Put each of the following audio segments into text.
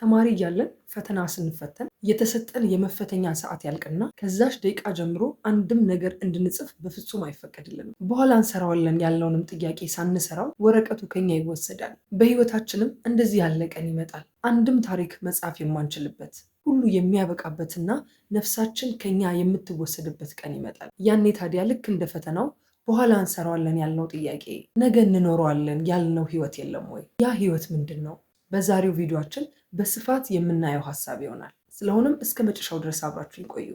ተማሪ እያለን ፈተና ስንፈተን የተሰጠን የመፈተኛ ሰዓት ያልቅና ከዛች ደቂቃ ጀምሮ አንድም ነገር እንድንጽፍ በፍጹም አይፈቀድልንም። በኋላ እንሰራዋለን ያለውንም ጥያቄ ሳንሰራው ወረቀቱ ከኛ ይወሰዳል። በህይወታችንም እንደዚህ ያለ ቀን ይመጣል። አንድም ታሪክ መጻፍ የማንችልበት ሁሉ የሚያበቃበትና ነፍሳችን ከኛ የምትወሰድበት ቀን ይመጣል። ያኔ ታዲያ ልክ እንደ ፈተናው በኋላ እንሰራዋለን ያልነው ጥያቄ ነገ እንኖረዋለን ያልነው ህይወት የለም ወይ? ያ ህይወት ምንድን ነው? በዛሬው ቪዲዮችን በስፋት የምናየው ሀሳብ ይሆናል። ስለሆነም እስከ መጨረሻው ድረስ አብራችሁ ቆዩ።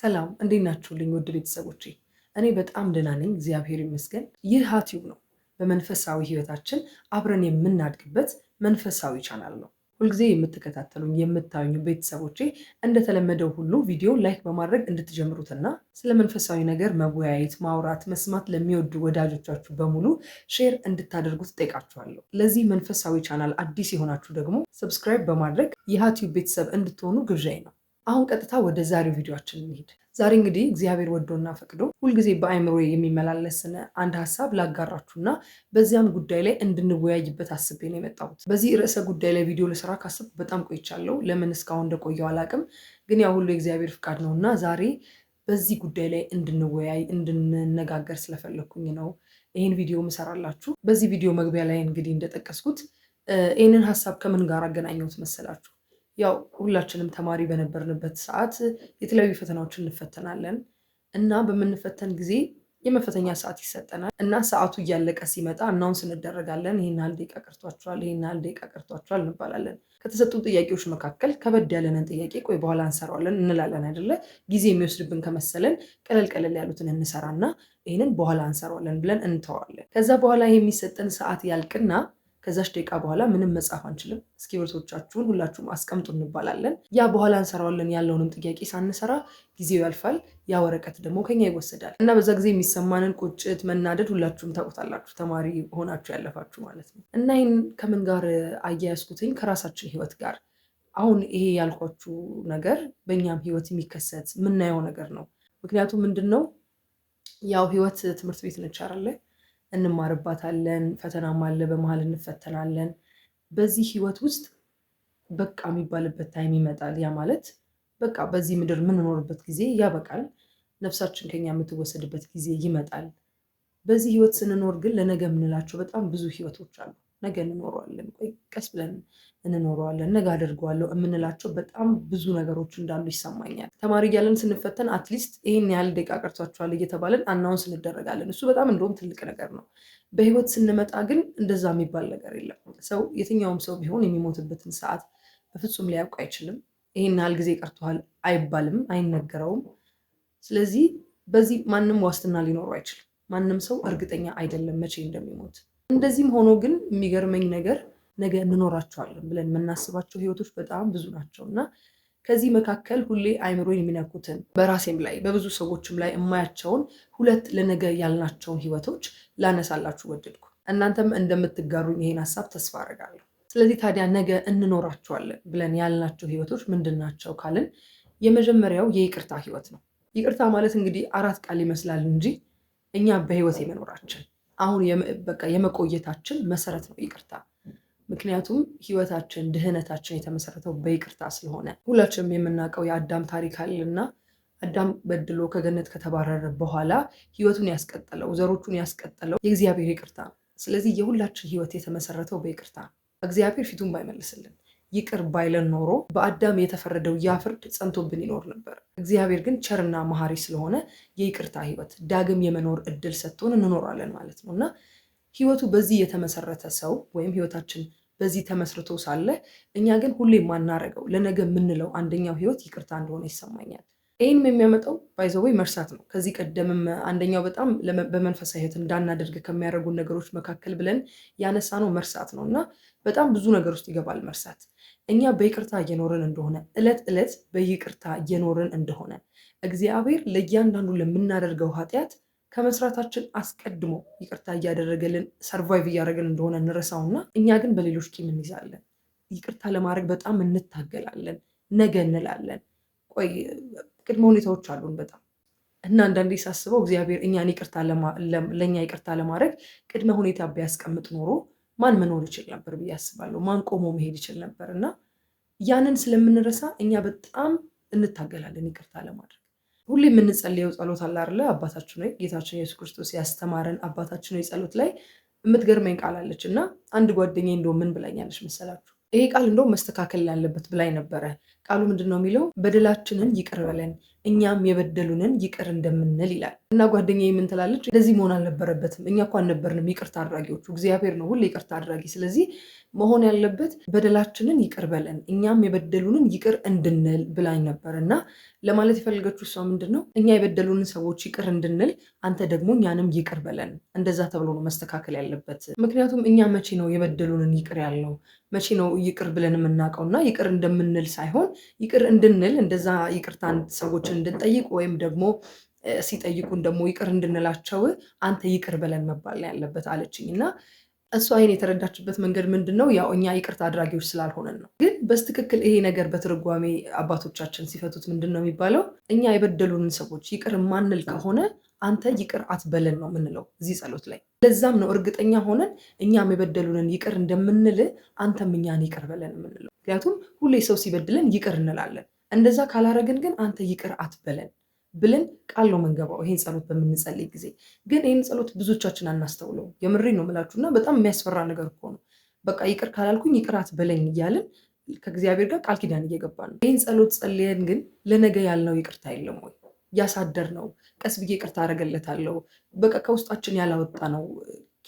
ሰላም እንዴት ናችሁልኝ? ውድ ቤተሰቦቼ እኔ በጣም ደህና ነኝ፣ እግዚአብሔር ይመስገን። ይህ ሀቲዩብ ነው፣ በመንፈሳዊ ህይወታችን አብረን የምናድግበት መንፈሳዊ ቻናል ነው። ሁልጊዜ የምትከታተሉኝ የምታዩኝ ቤተሰቦቼ እንደተለመደው ሁሉ ቪዲዮ ላይክ በማድረግ እንድትጀምሩትና ስለ መንፈሳዊ ነገር መወያየት፣ ማውራት፣ መስማት ለሚወዱ ወዳጆቻችሁ በሙሉ ሼር እንድታደርጉት ጠይቃችኋለሁ። ለዚህ መንፈሳዊ ቻናል አዲስ የሆናችሁ ደግሞ ሰብስክራይብ በማድረግ የሃቲው ቤተሰብ እንድትሆኑ ግብዣይ ነው። አሁን ቀጥታ ወደ ዛሬው ቪዲዮችን እንሄድ። ዛሬ እንግዲህ እግዚአብሔር ወዶና ፈቅዶ ሁልጊዜ በአእምሮ የሚመላለስን አንድ ሀሳብ ላጋራችሁና በዚያም ጉዳይ ላይ እንድንወያይበት አስቤ ነው የመጣሁት። በዚህ ርዕሰ ጉዳይ ላይ ቪዲዮ ልስራ ካስብ በጣም ቆይቻለሁ። ለምን እስካሁን እንደቆየው አላቅም ግን ያ ሁሉ የእግዚአብሔር ፍቃድ ነው እና ዛሬ በዚህ ጉዳይ ላይ እንድንወያይ እንድንነጋገር ስለፈለግኩኝ ነው ይህን ቪዲዮ ምሰራላችሁ። በዚህ ቪዲዮ መግቢያ ላይ እንግዲህ እንደጠቀስኩት ይህንን ሀሳብ ከምን ጋር አገናኘሁት መሰላችሁ? ያው ሁላችንም ተማሪ በነበርንበት ሰዓት የተለያዩ ፈተናዎችን እንፈተናለን እና በምንፈተን ጊዜ የመፈተኛ ሰዓት ይሰጠናል እና ሰዓቱ እያለቀ ሲመጣ እናውንስ ስንደረጋለን ይህን ያህል ደቂቃ ቀርቷችኋል፣ ይህን ያህል ደቂቃ ቀርቷችኋል እንባላለን። ከተሰጡን ጥያቄዎች መካከል ከበድ ያለንን ጥያቄ ቆይ በኋላ እንሰራዋለን እንላለን አይደለ? ጊዜ የሚወስድብን ከመሰለን ቀለል ቀለል ያሉትን እንሰራና ይህንን በኋላ እንሰራዋለን ብለን እንተዋለን። ከዛ በኋላ የሚሰጠን ሰዓት ያልቅና ከዛች ደቂቃ በኋላ ምንም መጻፍ አንችልም፣ እስክሪብቶቻችሁን ሁላችሁም አስቀምጡ እንባላለን። ያ በኋላ እንሰራዋለን ያለውንም ጥያቄ ሳንሰራ ጊዜው ያልፋል። ያ ወረቀት ደግሞ ከኛ ይወሰዳል እና በዛ ጊዜ የሚሰማንን ቁጭት፣ መናደድ ሁላችሁም ታውቁታላችሁ፣ ተማሪ ሆናችሁ ያለፋችሁ ማለት ነው። እና ይህን ከምን ጋር አያያዝኩትኝ ከራሳችን ህይወት ጋር አሁን ይሄ ያልኳችሁ ነገር በእኛም ህይወት የሚከሰት የምናየው ነገር ነው። ምክንያቱም ምንድን ነው ያው ህይወት ትምህርት ቤት ነች አይደለ? እንማርባታለን። ፈተናም አለ፣ በመሀል እንፈተናለን። በዚህ ህይወት ውስጥ በቃ የሚባልበት ታይም ይመጣል። ያ ማለት በቃ በዚህ ምድር የምንኖርበት ጊዜ ያበቃል። ነፍሳችን ከኛ የምትወሰድበት ጊዜ ይመጣል። በዚህ ህይወት ስንኖር ግን ለነገ የምንላቸው በጣም ብዙ ህይወቶች አሉ። ነገ እንኖረዋለን፣ ቆይ ቀስ ብለን እንኖረዋለን፣ ነገ አደርገዋለሁ የምንላቸው በጣም ብዙ ነገሮች እንዳሉ ይሰማኛል። ተማሪ እያለን ስንፈተን አትሊስት ይህን ያህል ደቂቃ ቀርቷቸዋል እየተባለን አናውንስ እንደረጋለን። እሱ በጣም እንደውም ትልቅ ነገር ነው። በህይወት ስንመጣ ግን እንደዛ የሚባል ነገር የለም። ሰው የትኛውም ሰው ቢሆን የሚሞትበትን ሰዓት በፍጹም ሊያውቅ አይችልም። ይህን ያህል ጊዜ ቀርተዋል አይባልም፣ አይነገረውም። ስለዚህ በዚህ ማንም ዋስትና ሊኖረው አይችልም። ማንም ሰው እርግጠኛ አይደለም መቼ እንደሚሞት። እንደዚህም ሆኖ ግን የሚገርመኝ ነገር ነገ እንኖራቸዋለን ብለን የምናስባቸው ህይወቶች በጣም ብዙ ናቸው እና ከዚህ መካከል ሁሌ አይምሮ የሚነኩትን በራሴም ላይ በብዙ ሰዎችም ላይ የማያቸውን ሁለት ለነገ ያልናቸውን ህይወቶች ላነሳላችሁ ወደድኩ። እናንተም እንደምትጋሩኝ ይሄን ሀሳብ ተስፋ አደርጋለሁ። ስለዚህ ታዲያ ነገ እንኖራቸዋለን ብለን ያልናቸው ህይወቶች ምንድን ናቸው ካልን የመጀመሪያው የይቅርታ ህይወት ነው። ይቅርታ ማለት እንግዲህ አራት ቃል ይመስላል እንጂ እኛ በህይወት የመኖራችን አሁን በቃ የመቆየታችን መሰረት ነው ይቅርታ። ምክንያቱም ህይወታችን ድህነታችን የተመሰረተው በይቅርታ ስለሆነ ሁላችንም የምናውቀው የአዳም ታሪክ አለና አዳም በድሎ ከገነት ከተባረረ በኋላ ህይወቱን ያስቀጠለው ዘሮቹን ያስቀጠለው የእግዚአብሔር ይቅርታ ነው። ስለዚህ የሁላችን ህይወት የተመሰረተው በይቅርታ ነው። እግዚአብሔር ፊቱን ባይመልስልን ይቅር ባይለን ኖሮ በአዳም የተፈረደው ያ ፍርድ ጸንቶብን ይኖር ነበር። እግዚአብሔር ግን ቸርና መሐሪ ስለሆነ የይቅርታ ህይወት ዳግም የመኖር እድል ሰጥቶን እንኖራለን ማለት ነው እና ህይወቱ በዚህ የተመሰረተ ሰው ወይም ህይወታችን በዚህ ተመስርቶ ሳለ እኛ ግን ሁሌ ማናረገው ለነገ የምንለው አንደኛው ህይወት ይቅርታ እንደሆነ ይሰማኛል። ይህንም የሚያመጣው ባይዘወይ መርሳት ነው። ከዚህ ቀደምም አንደኛው በጣም በመንፈሳዊ ህይወት እንዳናደርግ ከሚያደርጉን ነገሮች መካከል ብለን ያነሳ ነው መርሳት ነው እና በጣም ብዙ ነገር ውስጥ ይገባል መርሳት። እኛ በይቅርታ እየኖርን እንደሆነ እለት እለት በይቅርታ እየኖርን እንደሆነ እግዚአብሔር ለእያንዳንዱ ለምናደርገው ኃጢአት ከመስራታችን አስቀድሞ ይቅርታ እያደረገልን ሰርቫይቭ እያደረገን እንደሆነ እንረሳውና እኛ ግን በሌሎች ቂም እንይዛለን። ይቅርታ ለማድረግ በጣም እንታገላለን። ነገ እንላለን ቆይ ቅድመ ሁኔታዎች አሉን በጣም እና አንዳንዴ ሳስበው እግዚአብሔር እኛን ይቅርታ ለእኛ ይቅርታ ለማድረግ ቅድመ ሁኔታ ቢያስቀምጥ ኖሮ ማን መኖር ይችል ነበር ብዬ አስባለሁ። ማን ቆሞ መሄድ ይችል ነበር? እና ያንን ስለምንረሳ እኛ በጣም እንታገላለን ይቅርታ ለማድረግ። ሁሌ የምንጸልየው ጸሎት አለ አይደለ? አባታችን ወይ ጌታችን ኢየሱስ ክርስቶስ ያስተማረን አባታችን ጸሎት ላይ የምትገርመኝ ቃል አለች እና አንድ ጓደኛ እንደው ምን ብላኛለች መሰላችሁ? ይሄ ቃል እንደው መስተካከል ያለበት ብላኝ ነበረ። ቃሉ ምንድን ነው የሚለው? በደላችንን ይቅር በለን እኛም የበደሉንን ይቅር እንደምንል ይላል። እና ጓደኛ ምን ትላለች? እንደዚህ መሆን አልነበረበትም። እኛ እኳ አልነበርንም ይቅርታ አድራጊዎቹ። እግዚአብሔር ነው ሁሌ ይቅርታ አድራጊ። ስለዚህ መሆን ያለበት በደላችንን ይቅር በለን እኛም የበደሉንን ይቅር እንድንል ብላኝ ነበር። እና ለማለት የፈለገችው እሷ ምንድን ነው እኛ የበደሉንን ሰዎች ይቅር እንድንል፣ አንተ ደግሞ እኛንም ይቅር በለን። እንደዛ ተብሎ ነው መስተካከል ያለበት። ምክንያቱም እኛ መቼ ነው የበደሉንን ይቅር ያልነው? መቼ ነው ይቅር ብለን የምናውቀው? እና ይቅር እንደምንል ሳይሆን ይቅር እንድንል እንደዛ ይቅርታ ሰዎችን እንድንጠይቅ ወይም ደግሞ ሲጠይቁን ደግሞ ይቅር እንድንላቸው አንተ ይቅር በለን መባል ነው ያለበት አለችኝ እና እሷ ይሄን የተረዳችበት መንገድ ምንድን ነው? ያው እኛ ይቅርታ አድራጊዎች ስላልሆነን ነው። ግን በስትክክል ይሄ ነገር በትርጓሜ አባቶቻችን ሲፈቱት ምንድን ነው የሚባለው? እኛ የበደሉንን ሰዎች ይቅር ማንል ከሆነ አንተ ይቅር አትበለን ነው የምንለው እዚህ ጸሎት ላይ። ለዛም ነው እርግጠኛ ሆነን እኛም የበደሉንን ይቅር እንደምንል አንተም እኛን ይቅር በለን የምንለው። ምክንያቱም ሁሌ ሰው ሲበድለን ይቅር እንላለን። እንደዛ ካላረግን ግን አንተ ይቅር አትበለን ብለን ቃል ነው መንገባው። ይሄን ጸሎት በምንጸልይ ጊዜ ግን ይህን ጸሎት ብዙዎቻችን አናስተውለው። የምሬ ነው የምላችሁ እና በጣም የሚያስፈራ ነገር እኮ ነው። በቃ ይቅር ካላልኩኝ ይቅር አትበለኝ እያልን ከእግዚአብሔር ጋር ቃል ኪዳን እየገባ ነው። ይህን ጸሎት ጸልየን ግን ለነገ ያልነው ይቅርታ የለም ወይ ያሳደር ነው ቀስ ብዬ ይቅርታ አደረገለታለሁ በቃ ከውስጣችን ያላወጣ ነው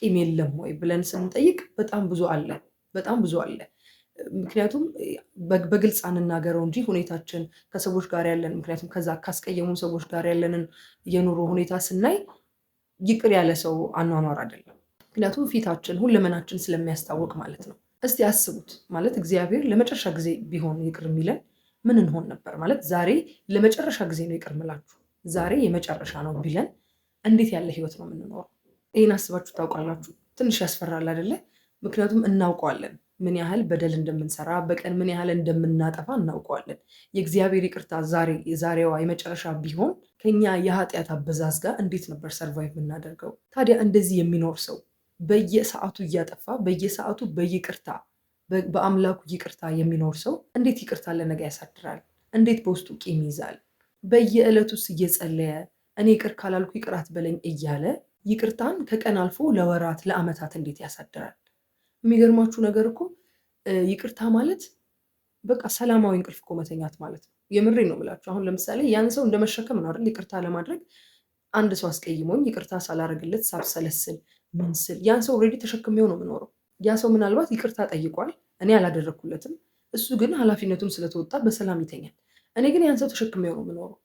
ቂም የለም ወይ ብለን ስንጠይቅ በጣም ብዙ አለ፣ በጣም ብዙ አለ። ምክንያቱም በግልጽ አንናገረው እንጂ ሁኔታችን ከሰዎች ጋር ያለን ምክንያቱም ከዛ ካስቀየሙን ሰዎች ጋር ያለንን የኑሮ ሁኔታ ስናይ ይቅር ያለ ሰው አኗኗር አይደለም። ምክንያቱም ፊታችን ሁለመናችን ስለሚያስታውቅ ማለት ነው። እስቲ አስቡት ማለት እግዚአብሔር ለመጨረሻ ጊዜ ቢሆን ይቅር የሚለን ምን እንሆን ነበር? ማለት ዛሬ ለመጨረሻ ጊዜ ነው ይቅር ምላችሁ ዛሬ የመጨረሻ ነው ቢለን እንዴት ያለ ህይወት ነው የምንኖረው? ይህን አስባችሁ ታውቃላችሁ? ትንሽ ያስፈራል አይደለ? ምክንያቱም እናውቀዋለን ምን ያህል በደል እንደምንሰራ በቀን ምን ያህል እንደምናጠፋ እናውቀዋለን። የእግዚአብሔር ይቅርታ ዛሬ የዛሬዋ የመጨረሻ ቢሆን ከኛ የኃጢአት አበዛዝ ጋር እንዴት ነበር ሰርቫይቭ የምናደርገው? ታዲያ እንደዚህ የሚኖር ሰው በየሰዓቱ እያጠፋ በየሰዓቱ በይቅርታ በአምላኩ ይቅርታ የሚኖር ሰው እንዴት ይቅርታ ለነገ ያሳድራል? እንዴት በውስጡ ቂም ይዛል? በየዕለቱስ እየጸለየ እኔ ይቅር ካላልኩ ይቅራት በለኝ እያለ ይቅርታን ከቀን አልፎ ለወራት ለዓመታት እንዴት ያሳድራል? የሚገርማችሁ ነገር እኮ ይቅርታ ማለት በቃ ሰላማዊ እንቅልፍ እኮ መተኛት ማለት ነው። የምሬ ነው የምላችሁ። አሁን ለምሳሌ ያን ሰው እንደመሸከም ነው አይደል? ይቅርታ ለማድረግ አንድ ሰው አስቀይሞኝ ይቅርታ ሳላረግለት ሳብሰለስል ምን ስል ያን ሰው ኦልሬዲ ተሸክሜው ነው የምኖረው። ያ ሰው ምናልባት ይቅርታ ጠይቋል፣ እኔ አላደረግኩለትም። እሱ ግን ኃላፊነቱን ስለተወጣ በሰላም ይተኛል። እኔ ግን ያን ሰው ተሸክሜው ነው የምኖረው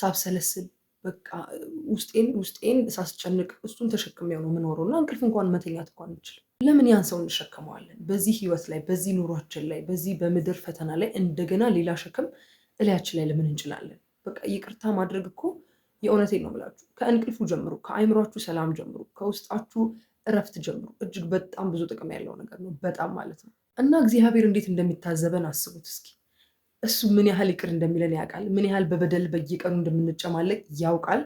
ሳብሰለስል በቃ ውስጤን ውስጤን ሳስጨንቅ እሱን ተሸክሜው ነው የምኖረው እና እንቅልፍ እንኳን መተኛት እንኳን አልችልም። ለምን ያን ሰው እንሸከመዋለን? በዚህ ህይወት ላይ በዚህ ኑሯችን ላይ በዚህ በምድር ፈተና ላይ እንደገና ሌላ ሸክም እላያችን ላይ ለምን እንችላለን? በቃ ይቅርታ ማድረግ እኮ የእውነቴ ነው ብላችሁ ከእንቅልፉ ጀምሩ፣ ከአይምሯችሁ ሰላም ጀምሩ፣ ከውስጣችሁ እረፍት ጀምሩ። እጅግ በጣም ብዙ ጥቅም ያለው ነገር ነው፣ በጣም ማለት ነው። እና እግዚአብሔር እንዴት እንደሚታዘበን አስቡት እስኪ። እሱ ምን ያህል ይቅር እንደሚለን ያውቃል። ምን ያህል በበደል በየቀኑ እንደምንጨማለቅ ያውቃል።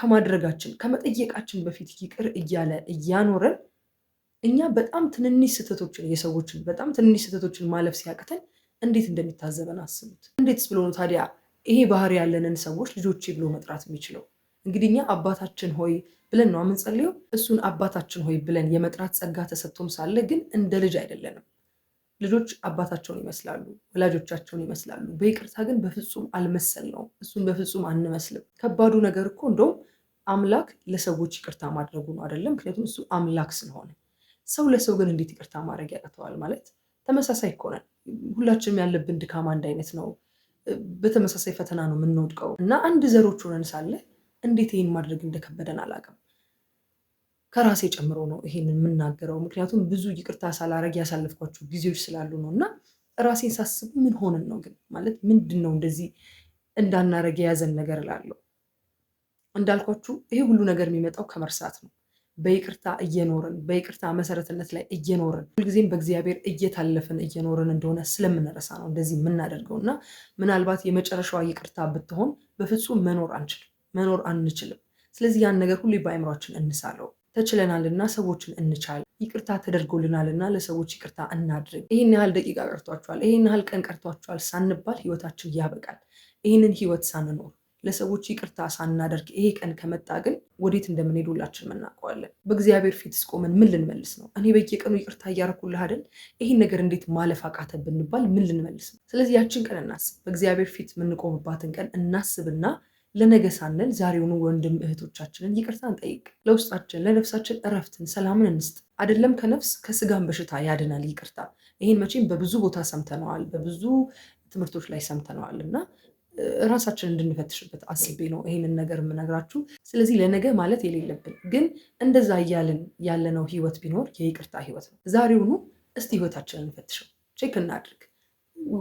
ከማድረጋችን ከመጠየቃችን በፊት ይቅር እያለ እያኖረን እኛ በጣም ትንንሽ ስህተቶችን የሰዎችን በጣም ትንንሽ ስህተቶችን ማለፍ ሲያቅተን እንዴት እንደሚታዘበን አስቡት። እንዴትስ ብሎ ነው ታዲያ ይሄ ባህሪ ያለንን ሰዎች ልጆቼ ብሎ መጥራት የሚችለው? እንግዲህ እኛ አባታችን ሆይ ብለን ነው የምንጸልየው። እሱን አባታችን ሆይ ብለን የመጥራት ጸጋ ተሰጥቶም ሳለ ግን እንደ ልጅ አይደለንም። ልጆች አባታቸውን ይመስላሉ፣ ወላጆቻቸውን ይመስላሉ። በይቅርታ ግን በፍጹም አልመሰል ነው። እሱን በፍጹም አንመስልም። ከባዱ ነገር እኮ እንደውም አምላክ ለሰዎች ይቅርታ ማድረጉ ነው አይደለም? ምክንያቱም እሱ አምላክ ስለሆነ ሰው ለሰው ግን እንዴት ይቅርታ ማድረግ ያቅተዋል? ማለት ተመሳሳይ እኮ ነን። ሁላችንም ያለብን ድካማ አንድ አይነት ነው። በተመሳሳይ ፈተና ነው የምንወድቀው እና አንድ ዘሮች ሆነን ሳለ እንዴት ይህን ማድረግ እንደከበደን አላውቅም። ከራሴ ጨምሮ ነው ይሄን የምናገረው፣ ምክንያቱም ብዙ ይቅርታ ሳላረግ ያሳለፍኳቸው ጊዜዎች ስላሉ ነው። እና ራሴን ሳስብ ምን ሆነን ነው ግን ማለት ምንድን ነው እንደዚህ እንዳናረግ የያዘን ነገር እላለሁ። እንዳልኳችሁ ይሄ ሁሉ ነገር የሚመጣው ከመርሳት ነው። በይቅርታ እየኖርን በይቅርታ መሰረትነት ላይ እየኖርን ሁልጊዜም በእግዚአብሔር እየታለፍን እየኖርን እንደሆነ ስለምንረሳ ነው እንደዚህ የምናደርገው እና ምናልባት የመጨረሻዋ ይቅርታ ብትሆን በፍጹም መኖር አንችልም፣ መኖር አንችልም። ስለዚህ ያን ነገር ሁሌ በአይምሯችን እንሳለው። ተችለናልና ሰዎችን እንቻል። ይቅርታ ተደርጎልናልና ለሰዎች ይቅርታ እናድርግ። ይህን ያህል ደቂቃ ቀርቷቸዋል፣ ይህን ያህል ቀን ቀርቷቸዋል ሳንባል ህይወታችን ያበቃል። ይህንን ህይወት ሳንኖር ለሰዎች ይቅርታ ሳናደርግ ይሄ ቀን ከመጣ ግን ወዴት እንደምንሄድ ሁላችንም እናውቀዋለን። በእግዚአብሔር ፊት ስቆመን ምን ልንመልስ ነው? እኔ በየቀኑ ይቅርታ እያረኩልህ አይደል? ይህን ነገር እንዴት ማለፍ አቃተ ብንባል ምን ልንመልስ ነው? ስለዚህ ያችን ቀን እናስብ። በእግዚአብሔር ፊት የምንቆምባትን ቀን እናስብና ለነገ ሳንል ዛሬውኑ ወንድም እህቶቻችንን ይቅርታ እንጠይቅ። ለውስጣችን ለነፍሳችን እረፍትን ሰላምን እንስጥ። አይደለም ከነፍስ ከስጋን በሽታ ያድናል ይቅርታ። ይህን መቼም በብዙ ቦታ ሰምተነዋል፣ በብዙ ትምህርቶች ላይ ሰምተነዋል እና ራሳችን እንድንፈትሽበት አስቤ ነው ይሄንን ነገር የምነግራችሁ። ስለዚህ ለነገ ማለት የሌለብን ግን እንደዛ እያልን ያለነው ህይወት ቢኖር የይቅርታ ህይወት ነው። ዛሬውኑ እስቲ ህይወታችንን እንፈትሸው፣ ቼክ እናድርግ።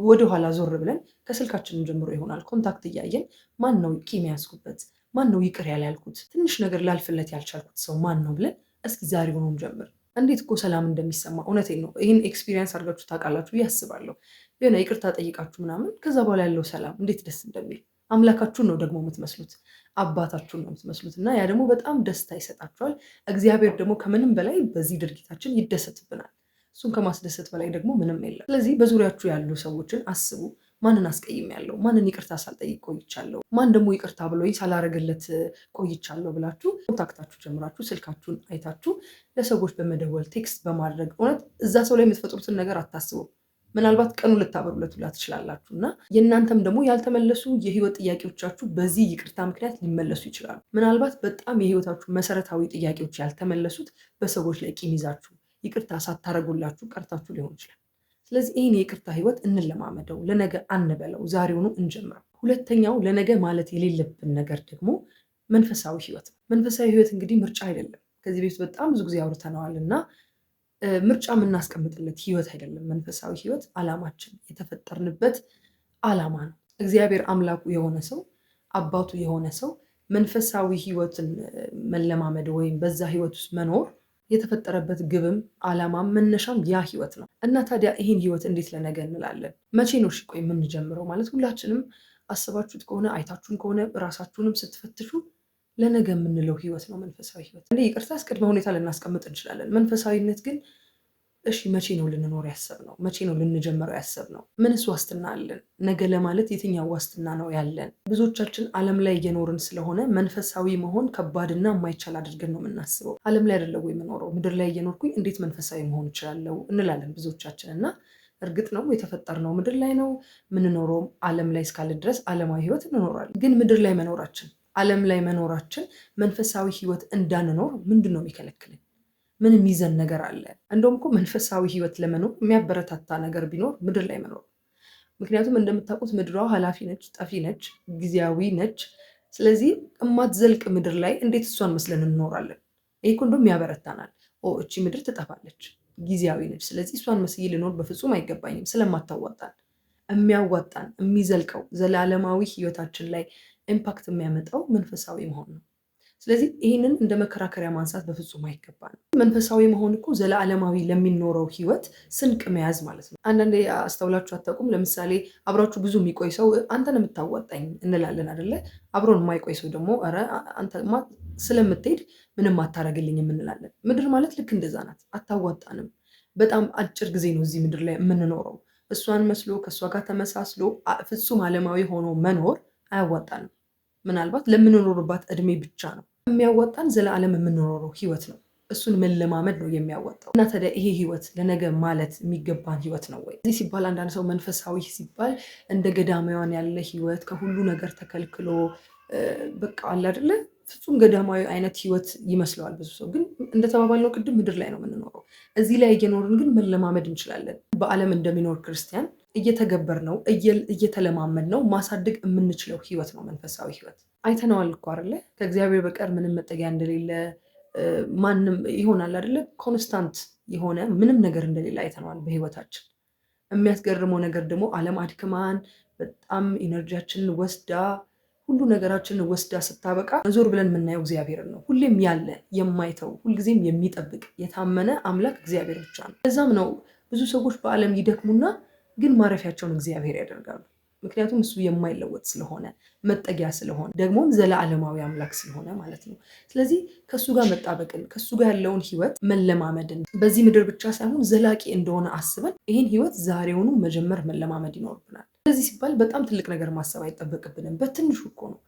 ወደኋላ ዞር ብለን ከስልካችንን ጀምሮ ይሆናል ኮንታክት እያየን ማን ነው ቂም ያዝኩበት፣ ማን ነው ይቅር ያልያልኩት፣ ትንሽ ነገር ላልፍለት ያልቻልኩት ሰው ማን ነው ብለን እስኪ ዛሬውኑም ጀምር። እንዴት እኮ ሰላም እንደሚሰማ እውነቴን ነው። ይህን ኤክስፒሪየንስ አድርጋችሁ ታውቃላችሁ ብዬ አስባለሁ። የሆነ ይቅርታ ጠይቃችሁ ምናምን ከዛ በኋላ ያለው ሰላም እንዴት ደስ እንደሚል አምላካችሁን ነው ደግሞ የምትመስሉት፣ አባታችሁን ነው የምትመስሉት። እና ያ ደግሞ በጣም ደስታ ይሰጣችኋል። እግዚአብሔር ደግሞ ከምንም በላይ በዚህ ድርጊታችን ይደሰትብናል። እሱን ከማስደሰት በላይ ደግሞ ምንም የለም። ስለዚህ በዙሪያችሁ ያሉ ሰዎችን አስቡ። ማንን አስቀይም ያለው ማንን ይቅርታ ሳልጠይቅ ቆይቻለሁ፣ ማን ደግሞ ይቅርታ ብሎ ሳላረግለት ቆይቻለሁ ብላችሁ ኮንታክታችሁ ጀምራችሁ ስልካችሁን አይታችሁ ለሰዎች በመደወል ቴክስት በማድረግ እውነት እዛ ሰው ላይ የምትፈጥሩትን ነገር አታስቡም። ምናልባት ቀኑ ልታበሩለት ላ ትችላላችሁ እና የእናንተም ደግሞ ያልተመለሱ የህይወት ጥያቄዎቻችሁ በዚህ ይቅርታ ምክንያት ሊመለሱ ይችላሉ። ምናልባት በጣም የህይወታችሁ መሰረታዊ ጥያቄዎች ያልተመለሱት በሰዎች ላይ ቂም ይዛችሁ ይቅርታ ሳታረጉላችሁ ቀርታችሁ ሊሆን ይችላል። ስለዚህ ይህን የይቅርታ ህይወት እንለማመደው፣ ለነገ አንበለው፣ ዛሬውኑ እንጀምረው። ሁለተኛው ለነገ ማለት የሌለብን ነገር ደግሞ መንፈሳዊ ህይወት ነው። መንፈሳዊ ህይወት እንግዲህ ምርጫ አይደለም። ከዚህ በፊት በጣም ብዙ ጊዜ አውርተነዋል እና ምርጫ የምናስቀምጥለት ህይወት አይደለም። መንፈሳዊ ህይወት አላማችን የተፈጠርንበት አላማ ነው። እግዚአብሔር አምላኩ የሆነ ሰው አባቱ የሆነ ሰው መንፈሳዊ ህይወትን መለማመድ ወይም በዛ ህይወት ውስጥ መኖር የተፈጠረበት ግብም አላማም መነሻም ያ ህይወት ነው እና ታዲያ ይህን ህይወት እንዴት ለነገ እንላለን? መቼ ነው ሽቆ የምንጀምረው? ማለት ሁላችንም አስባችሁት ከሆነ አይታችሁን ከሆነ ራሳችሁንም ስትፈትሹ ለነገ የምንለው ህይወት ነው መንፈሳዊ ህይወት። እንደ ይቅርታ ቅድመ ሁኔታ ልናስቀምጥ እንችላለን። መንፈሳዊነት ግን እሺ መቼ ነው ልንኖር ያሰብ ነው? መቼ ነው ልንጀምረው ያሰብ ነው? ምንስ ዋስትና አለን? ነገ ለማለት የትኛው ዋስትና ነው ያለን? ብዙዎቻችን ዓለም ላይ እየኖርን ስለሆነ መንፈሳዊ መሆን ከባድና የማይቻል አድርገን ነው የምናስበው። ዓለም ላይ አደለው የምኖረው ምድር ላይ እየኖርኩኝ እንዴት መንፈሳዊ መሆን እችላለሁ እንላለን ብዙዎቻችን እና እርግጥ ነው የተፈጠርነው ምድር ላይ ነው ምንኖረው ዓለም ላይ እስካለ ድረስ ዓለማዊ ህይወት እንኖራለን። ግን ምድር ላይ መኖራችን ዓለም ላይ መኖራችን መንፈሳዊ ህይወት እንዳንኖር ምንድን ነው የሚከለክልን? ምን የሚዘን ነገር አለ? እንደውም እኮ መንፈሳዊ ህይወት ለመኖር የሚያበረታታ ነገር ቢኖር ምድር ላይ መኖር። ምክንያቱም እንደምታውቁት ምድሯ ኃላፊ ነች፣ ጠፊ ነች፣ ጊዜያዊ ነች። ስለዚህ እማትዘልቅ ምድር ላይ እንዴት እሷን መስለን እንኖራለን? ይህ እኮ እንደውም ያበረታናል። ኦ እቺ ምድር ትጠፋለች፣ ጊዜያዊ ነች። ስለዚህ እሷን መስዬ ልኖር በፍጹም አይገባኝም፣ ስለማታዋጣን የሚያዋጣን የሚዘልቀው ዘላለማዊ ህይወታችን ላይ ኢምፓክት የሚያመጣው መንፈሳዊ መሆን ነው። ስለዚህ ይህንን እንደ መከራከሪያ ማንሳት በፍጹም አይገባንም። መንፈሳዊ መሆን እኮ ዘለዓለማዊ ለሚኖረው ህይወት ስንቅ መያዝ ማለት ነው። አንዳንዴ አስተውላችሁ አታውቁም? ለምሳሌ አብራችሁ ብዙ የሚቆይ ሰው አንተን የምታዋጣኝ እንላለን አደለ? አብሮን የማይቆይ ሰው ደግሞ ኧረ አንተማ ስለምትሄድ ምንም አታረግልኝም እንላለን። ምድር ማለት ልክ እንደዛ ናት፣ አታዋጣንም። በጣም አጭር ጊዜ ነው እዚህ ምድር ላይ የምንኖረው። እሷን መስሎ ከእሷ ጋር ተመሳስሎ ፍጹም ዓለማዊ ሆኖ መኖር አያዋጣንም። ምናልባት ለምንኖርባት እድሜ ብቻ ነው። የሚያወጣን ዘለዓለም የምንኖረው ህይወት ነው። እሱን መለማመድ ነው የሚያወጣው። እና ታዲያ ይሄ ህይወት ለነገ ማለት የሚገባን ህይወት ነው ወይ? እዚህ ሲባል አንዳንድ ሰው መንፈሳዊ ሲባል እንደ ገዳማውያን ያለ ህይወት ከሁሉ ነገር ተከልክሎ በቃ አለ አይደለ ፍጹም ገዳማዊ አይነት ህይወት ይመስለዋል ብዙ ሰው። ግን እንደተባባልነው ቅድም ምድር ላይ ነው የምንኖረው። እዚህ ላይ እየኖርን ግን መለማመድ እንችላለን። በዓለም እንደሚኖር ክርስቲያን እየተገበር ነው እየተለማመድ ነው ማሳደግ የምንችለው ህይወት ነው መንፈሳዊ ህይወት። አይተነዋል እኮ አይደለ ከእግዚአብሔር በቀር ምንም መጠጊያ እንደሌለ ማንም ይሆናል አይደለ ኮንስታንት የሆነ ምንም ነገር እንደሌለ አይተነዋል በህይወታችን። የሚያስገርመው ነገር ደግሞ አለም አድክማን በጣም ኢነርጂያችንን ወስዳ ሁሉ ነገራችንን ወስዳ ስታበቃ ዞር ብለን የምናየው እግዚአብሔርን ነው። ሁሌም ያለ የማይተው ሁልጊዜም የሚጠብቅ የታመነ አምላክ እግዚአብሔር ብቻ ነው። እዛም ነው ብዙ ሰዎች በዓለም ይደክሙና ግን ማረፊያቸውን እግዚአብሔር ያደርጋሉ። ምክንያቱም እሱ የማይለወጥ ስለሆነ መጠጊያ ስለሆነ ደግሞም ዘለዓለማዊ አምላክ ስለሆነ ማለት ነው። ስለዚህ ከእሱ ጋር መጣበቅን ከእሱ ጋር ያለውን ህይወት መለማመድን በዚህ ምድር ብቻ ሳይሆን ዘላቂ እንደሆነ አስበን ይህን ህይወት ዛሬውኑ መጀመር መለማመድ ይኖርብናል። ስለዚህ ሲባል በጣም ትልቅ ነገር ማሰብ አይጠበቅብንም። በትንሹ እኮ ነው።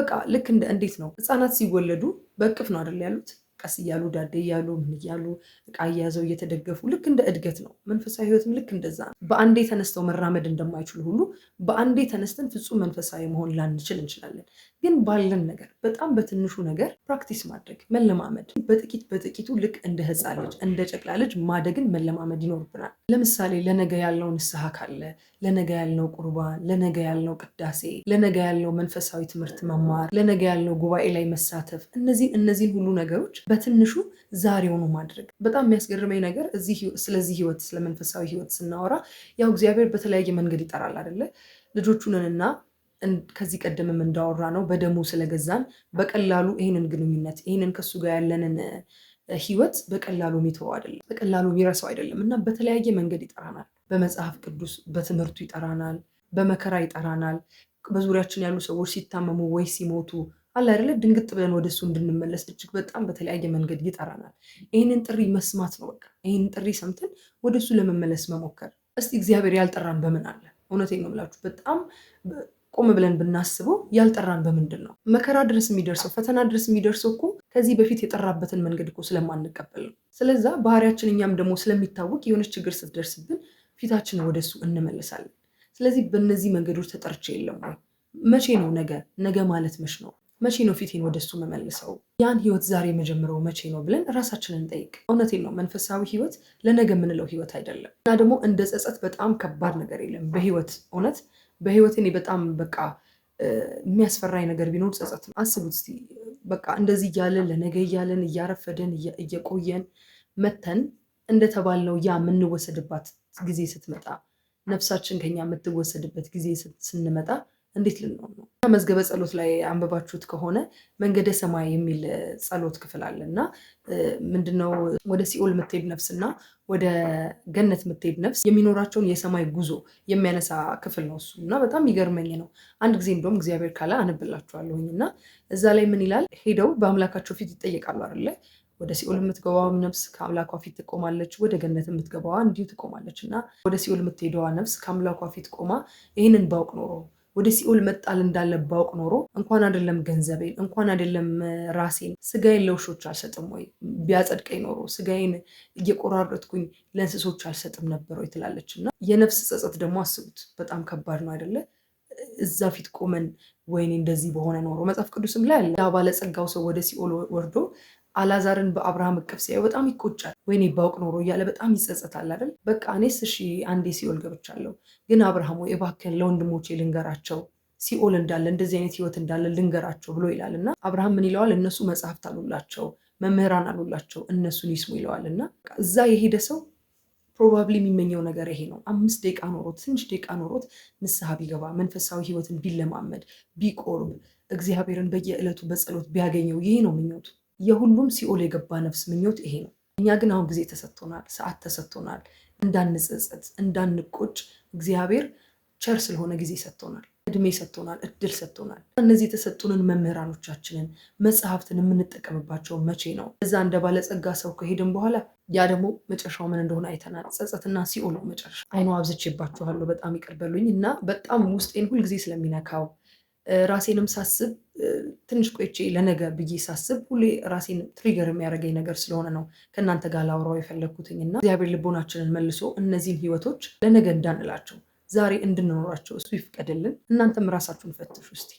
በቃ ልክ እንዴት ነው ህፃናት ሲወለዱ በእቅፍ ነው አይደል ያሉት ቀስ እያሉ ዳዴ እያሉ ምን እያሉ እቃ እያዘው እየተደገፉ ልክ እንደ እድገት ነው። መንፈሳዊ ህይወትም ልክ እንደዛ ነው። በአንዴ ተነስተው መራመድ እንደማይችሉ ሁሉ በአንዴ ተነስተን ፍጹም መንፈሳዊ መሆን ላንችል እንችላለን። ግን ባለን ነገር በጣም በትንሹ ነገር ፕራክቲስ ማድረግ መለማመድ፣ በጥቂት በጥቂቱ ልክ እንደ ህፃ ልጅ እንደ ጨቅላ ልጅ ማደግን መለማመድ ይኖርብናል። ለምሳሌ ለነገ ያለው ንስሐ ካለ ለነገ ያለው ቁርባን፣ ለነገ ያለው ቅዳሴ፣ ለነገ ያለው መንፈሳዊ ትምህርት መማር፣ ለነገ ያለው ጉባኤ ላይ መሳተፍ እነዚህ እነዚህን ሁሉ ነገሮች በትንሹ ዛሬውኑ ማድረግ። በጣም የሚያስገርመኝ ነገር ስለዚህ ህይወት ስለመንፈሳዊ ህይወት ስናወራ ያው እግዚአብሔር በተለያየ መንገድ ይጠራል አይደለ? ልጆቹንንና ከዚህ ቀደምም እንዳወራ ነው በደሙ ስለገዛን በቀላሉ ይህንን ግንኙነት ይህንን ከሱ ጋር ያለንን ህይወት በቀላሉ የሚተወው አይደለም፣ በቀላሉ የሚረሳው አይደለም እና በተለያየ መንገድ ይጠራናል። በመጽሐፍ ቅዱስ በትምህርቱ ይጠራናል፣ በመከራ ይጠራናል። በዙሪያችን ያሉ ሰዎች ሲታመሙ ወይ ሲሞቱ አለ አይደለ ድንግጥ ብለን ወደ እሱ እንድንመለስ እጅግ በጣም በተለያየ መንገድ ይጠራናል። ይህንን ጥሪ መስማት ነው በቃ ይህንን ጥሪ ሰምተን ወደ እሱ ለመመለስ መሞከር። እስቲ እግዚአብሔር ያልጠራን በምን አለ? እውነቴን ነው የምላችሁ በጣም ቆም ብለን ብናስበው ያልጠራን በምንድን ነው? መከራ ድረስ የሚደርሰው ፈተና ድረስ የሚደርሰው እኮ ከዚህ በፊት የጠራበትን መንገድ እኮ ስለማንቀበል ነው። ስለዛ ባህሪያችን እኛም ደግሞ ስለሚታወቅ የሆነች ችግር ስትደርስብን ፊታችንን ወደሱ እንመልሳለን። ስለዚህ በእነዚህ መንገዶች ተጠርቼ የለም መቼ ነው ነገ ነገ ማለት መች ነው መቼ ነው ፊቴን ወደሱ መመልሰው? ያን ህይወት ዛሬ የመጀመረው መቼ ነው ብለን ራሳችንን እንጠይቅ። እውነቴን ነው፣ መንፈሳዊ ህይወት ለነገ የምንለው ህይወት አይደለም። እና ደግሞ እንደ ጸጸት በጣም ከባድ ነገር የለም በህይወት እውነት በህይወት እኔ በጣም በቃ የሚያስፈራኝ ነገር ቢኖር ጸጸት ነው። አስቡት እስኪ በቃ እንደዚህ እያለን ለነገ እያለን እያረፈደን እየቆየን መተን እንደተባልነው ያ የምንወሰድባት ጊዜ ስትመጣ ነፍሳችን ከኛ የምትወሰድበት ጊዜ ስንመጣ እንዴት ልንሆን ነው? መዝገበ ጸሎት ላይ አንብባችሁት ከሆነ መንገደ ሰማይ የሚል ጸሎት ክፍል አለ እና ምንድነው ወደ ሲኦል የምትሄድ ነፍስ እና ወደ ገነት የምትሄድ ነፍስ የሚኖራቸውን የሰማይ ጉዞ የሚያነሳ ክፍል ነው እሱ እና በጣም ይገርመኝ ነው። አንድ ጊዜ እንደውም እግዚአብሔር ካለ አንብላችኋለሁኝ እና እዛ ላይ ምን ይላል? ሄደው በአምላካቸው ፊት ይጠየቃሉ አይደለ? ወደ ሲኦል የምትገባ ነፍስ ከአምላኳ ፊት ትቆማለች፣ ወደ ገነት የምትገባዋ እንዲሁ ትቆማለች እና ወደ ሲኦል የምትሄደዋ ነፍስ ከአምላኳ ፊት ቆማ ይህንን ባውቅ ኖሮ ወደ ሲኦል መጣል እንዳለ ባውቅ ኖሮ እንኳን አይደለም ገንዘቤን እንኳን አይደለም ራሴን ስጋዬን ለውሾች አልሰጥም ወይ? ቢያጸድቀኝ ኖሮ ስጋዬን እየቆራረጥኩኝ ለእንስሶች አልሰጥም ነበር ወይ ትላለች። እና የነፍስ ጸጸት ደግሞ አስቡት በጣም ከባድ ነው አይደለ? እዛ ፊት ቆመን ወይኔ እንደዚህ በሆነ ኖሮ መጽሐፍ ቅዱስም ላይ አለ ያ ባለጸጋው ሰው ወደ ሲኦል ወርዶ አላዛርን በአብርሃም እቅፍ ሲያዩ በጣም ይቆጫል። ወይኔ ባውቅ ኖሮ እያለ በጣም ይጸጸታል አይደል? በቃ እኔስ እሺ አንዴ ሲኦል ገብቻለሁ፣ ግን አብርሃም ወይ እባክህን ለወንድሞቼ ልንገራቸው ሲኦል እንዳለ እንደዚህ አይነት ህይወት እንዳለ ልንገራቸው ብሎ ይላል እና አብርሃም ምን ይለዋል? እነሱ መጽሐፍት አሉላቸው፣ መምህራን አሉላቸው፣ እነሱን ይስሙ ይለዋል እና እዛ የሄደ ሰው ፕሮባብሊ የሚመኘው ነገር ይሄ ነው። አምስት ደቂቃ ኖሮት ትንሽ ደቂቃ ኖሮት ንስሐ ቢገባ መንፈሳዊ ህይወትን ቢለማመድ ቢቆርብ እግዚአብሔርን በየዕለቱ በጸሎት ቢያገኘው ይሄ ነው ምኞቱ። የሁሉም ሲኦል የገባ ነፍስ ምኞት ይሄ ነው። እኛ ግን አሁን ጊዜ ተሰጥቶናል፣ ሰዓት ተሰጥቶናል። እንዳንጸጸት፣ እንዳንቆጭ እግዚአብሔር ቸር ስለሆነ ጊዜ ሰጥቶናል፣ እድሜ ሰጥቶናል፣ እድል ሰጥቶናል። እነዚህ የተሰጡንን መምህራኖቻችንን መጽሐፍትን የምንጠቀምባቸው መቼ ነው? እዛ እንደ ባለጸጋ ሰው ከሄድን በኋላ ያ ደግሞ መጨረሻው ምን እንደሆነ አይተናል። ጸጸትና ሲኦል ነው መጨረሻ። አይኖ አብዝቼባችኋለሁ፣ በጣም ይቅር እና በጣም ውስጤን ሁልጊዜ ስለሚነካው ራሴንም ሳስብ ትንሽ ቆይቼ ለነገ ብዬ ሳስብ ሁሌ ራሴን ትሪገር የሚያደርገኝ ነገር ስለሆነ ነው ከእናንተ ጋር ላውራው የፈለግኩትኝ እና እግዚአብሔር ልቦናችንን መልሶ እነዚህን ህይወቶች ለነገ እንዳንላቸው ዛሬ እንድንኖራቸው እሱ ይፍቀድልን። እናንተም ራሳችሁን ፈትሹ እስቲ።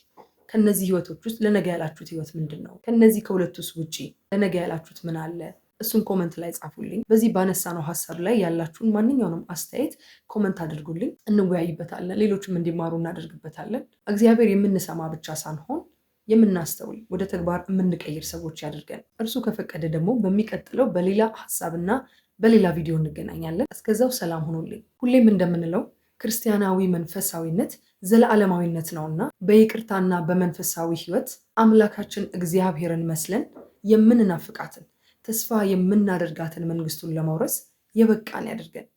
ከነዚህ ህይወቶች ውስጥ ለነገ ያላችሁት ህይወት ምንድን ነው? ከነዚህ ከሁለቱስ ውጪ ለነገ ያላችሁት ምን አለ? እሱን ኮመንት ላይ ጻፉልኝ። በዚህ ባነሳነው ሀሳብ ላይ ያላችሁን ማንኛውንም አስተያየት ኮመንት አድርጉልኝ፣ እንወያይበታለን። ሌሎችም እንዲማሩ እናደርግበታለን። እግዚአብሔር የምንሰማ ብቻ ሳንሆን የምናስተውል ወደ ተግባር የምንቀይር ሰዎች ያደርገን እርሱ ከፈቀደ ደግሞ በሚቀጥለው በሌላ ሀሳብና በሌላ ቪዲዮ እንገናኛለን። እስከዛው ሰላም ሆኖልኝ። ሁሌም እንደምንለው ክርስቲያናዊ መንፈሳዊነት ዘለዓለማዊነት ነውና በይቅርታና በመንፈሳዊ ሕይወት አምላካችን እግዚአብሔርን መስለን የምንናፍቃትን ተስፋ የምናደርጋትን መንግስቱን ለማውረስ የበቃን ያደርገን።